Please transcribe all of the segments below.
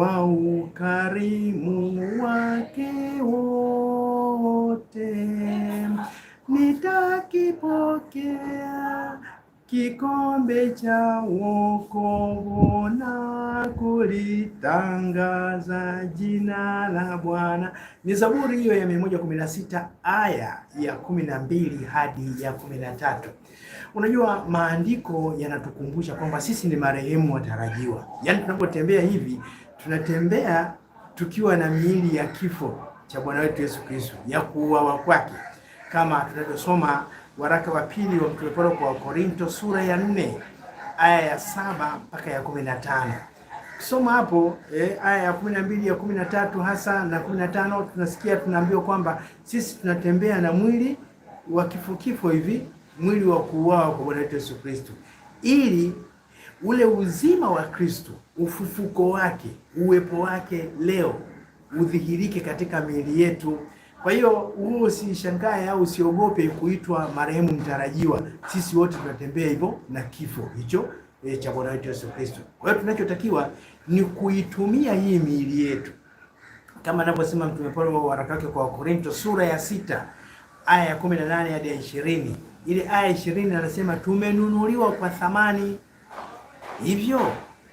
kwa ukarimu wake wote, nitakipokea kikombe cha wokovu na kulitangaza jina la Bwana. Ni Zaburi hiyo ya sita aya ya kumi na mbili hadi ya kumi na tatu Unajua, maandiko yanatukumbusha kwamba sisi ni marehemu watarajiwa, yaani tunapotembea hivi tunatembea tukiwa na miili ya kifo cha Bwana wetu Yesu Kristo, ya kuuawa kwake, kama tunavyosoma waraka wa pili wa Mtume Paulo kwa Korinto sura ya nne aya ya saba mpaka ya kumi na tano. Soma hapo eh, aya ya kumi na mbili ya kumi na tatu hasa na kumi na tano tunasikia tunaambiwa kwamba sisi tunatembea na mwili wa kifo kifo hivi, mwili wa kuuawa kwa Bwana wetu Yesu Kristo ili ule uzima wa Kristo, ufufuko wake, uwepo wake leo udhihirike katika miili yetu. Kwa hiyo huo usishangae au usiogope kuitwa marehemu mtarajiwa. Sisi wote tunatembea hivyo na kifo hicho e, cha Bwana wetu Yesu Kristo. Kwa hiyo tunachotakiwa ni kuitumia hii miili yetu kama anavyosema Mtume Paulo waraka wake kwa Wakorinto sura ya sita aya ya kumi na nane hadi ya ishirini. Ile aya ishirini anasema tumenunuliwa kwa thamani Hivyo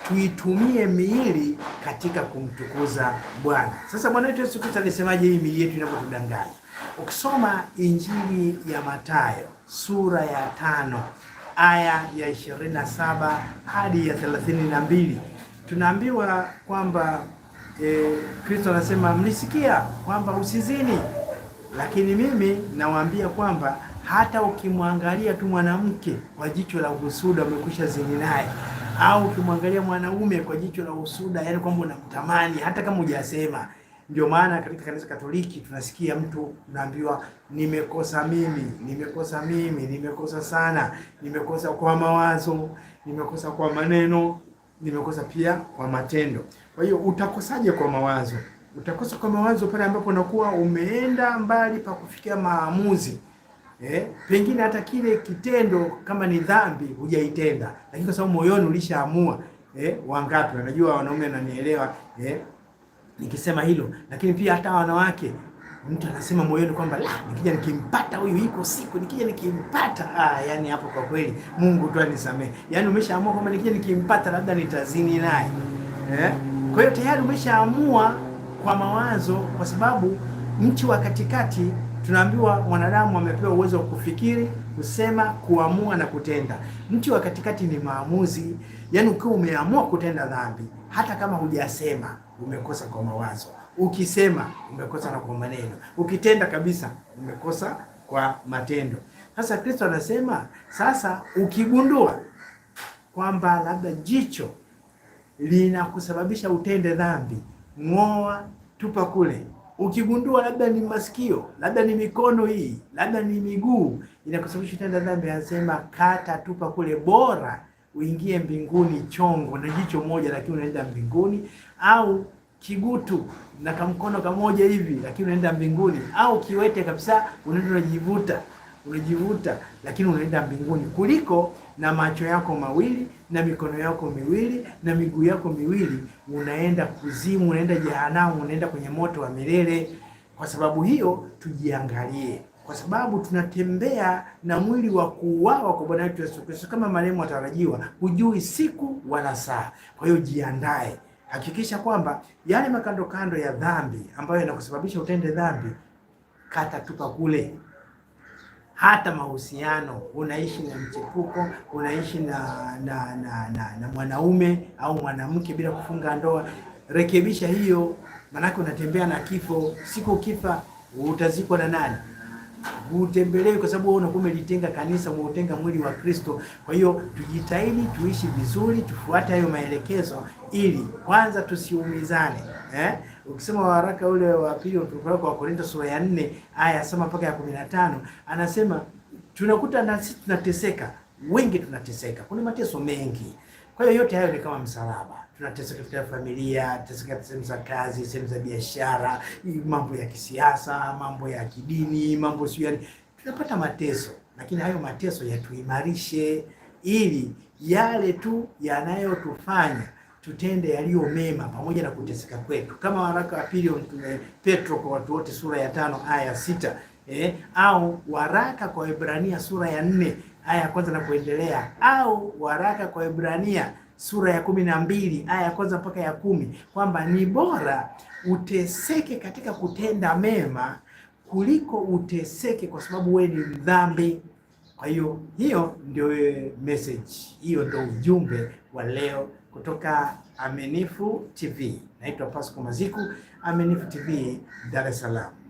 tuitumie miili katika kumtukuza Bwana. Sasa Bwana wetu Yesu Kristo alisemaje hii miili yetu inapotudanganya? Ukisoma Injili ya Mathayo sura ya tano aya ya 27 hadi ya 32 tunaambiwa kwamba e, Kristo anasema mlisikia kwamba usizini, lakini mimi nawaambia kwamba hata ukimwangalia tu mwanamke kwa jicho la uhusuda umekwisha zini naye au ukimwangalia mwanaume kwa jicho la usuda, yani kwamba unamtamani hata kama hujasema. Ndio maana katika kanisa Katoliki tunasikia mtu unaambiwa, nimekosa mimi, nimekosa mimi, nimekosa sana, nimekosa kwa mawazo, nimekosa kwa maneno, nimekosa pia kwa matendo. Kwa hiyo utakosaje kwa mawazo? Utakosa kwa mawazo pale ambapo unakuwa umeenda mbali pa kufikia maamuzi eh, pengine hata kile kitendo kama ni dhambi hujaitenda, lakini kwa sababu moyoni ulishaamua. Eh, wangapi wanajua? Wanaume wananielewa eh, nikisema hilo, lakini pia hata wanawake mtu anasema moyoni kwamba la, nikija nikimpata huyu iko siku, nikija nikimpata ah, yani hapo kwa kweli Mungu tu anisamee. Yani umeshaamua kwamba nikija nikimpata labda nitazini naye eh? Kwa hiyo tayari umeshaamua kwa mawazo, kwa sababu mchi wa katikati Tunaambiwa mwanadamu amepewa uwezo wa kufikiri, kusema, kuamua na kutenda. Mti wa katikati ni maamuzi, yaani ukiwa umeamua kutenda dhambi, hata kama hujasema umekosa kwa mawazo, ukisema umekosa na kwa maneno, ukitenda kabisa umekosa kwa matendo. Sasa Kristo anasema sasa, ukigundua kwamba labda jicho linakusababisha utende dhambi, ng'oa, tupa kule Ukigundua labda ni masikio, labda ni mikono hii, labda ni miguu inakusababisha utenda dhambi, anasema kata, tupa kule, bora uingie mbinguni chongo na jicho moja, lakini unaenda mbinguni, au kigutu na kamkono kamoja hivi, lakini unaenda mbinguni, au kiwete kabisa, unaenda unajivuta unajivuta, lakini unaenda mbinguni kuliko na macho yako mawili na mikono yako miwili na miguu yako miwili, unaenda kuzimu, unaenda jehanamu, unaenda kwenye moto wa milele. Kwa sababu hiyo tujiangalie, kwa sababu tunatembea na mwili wa kuuawa kwa Bwana wetu Yesu Kristo kama marehemu atarajiwa, hujui siku wala saa. Kwa hiyo jiandae, hakikisha kwamba yale makando kando ya dhambi ambayo yanakusababisha utende dhambi, kata tupa kule hata mahusiano unaishi na mchepuko, unaishi na na, na, na, na mwanaume au mwanamke bila kufunga ndoa. Rekebisha hiyo, maanake unatembea na kifo. Siku ukifa utazikwa na nani? utembelewe kwa sababu wewe unakuwa umelitenga kanisa, umeutenga mwili wa Kristo. Kwa hiyo tujitahidi tuishi vizuri, tufuate hayo maelekezo ili kwanza tusiumizane eh? Ukisema waraka ule wa pili kwa Wakorintho sura ya nne aya soma mpaka ya kumi na tano anasema tunakuta nasi tunateseka, wengi tunateseka, kuna mateso mengi kwa hiyo yote hayo ni kama msalaba, tunateseka katika familia, tunateseka katika sehemu za kazi, sehemu za biashara, mambo ya kisiasa, mambo ya kidini, mambo sio, yani tunapata mateso, lakini hayo mateso yatuimarishe ili yale tu yanayotufanya tutende yaliyo mema pamoja na kuteseka kwetu, kama waraka wa pili Petro kwa watu wote sura ya tano aya sita eh, au waraka kwa Waebrania sura ya nne aya ya kwanza na kuendelea, au waraka kwa Ibrania sura ya kumi na mbili aya ya kwanza mpaka ya kumi kwamba ni bora uteseke katika kutenda mema kuliko uteseke kwa sababu wewe ni mdhambi. Kwa hiyo hiyo ndio message, hiyo ndio ujumbe wa leo kutoka Aminifu TV. Naitwa Pasco Maziku, Aminifu TV, Dar es Salaam.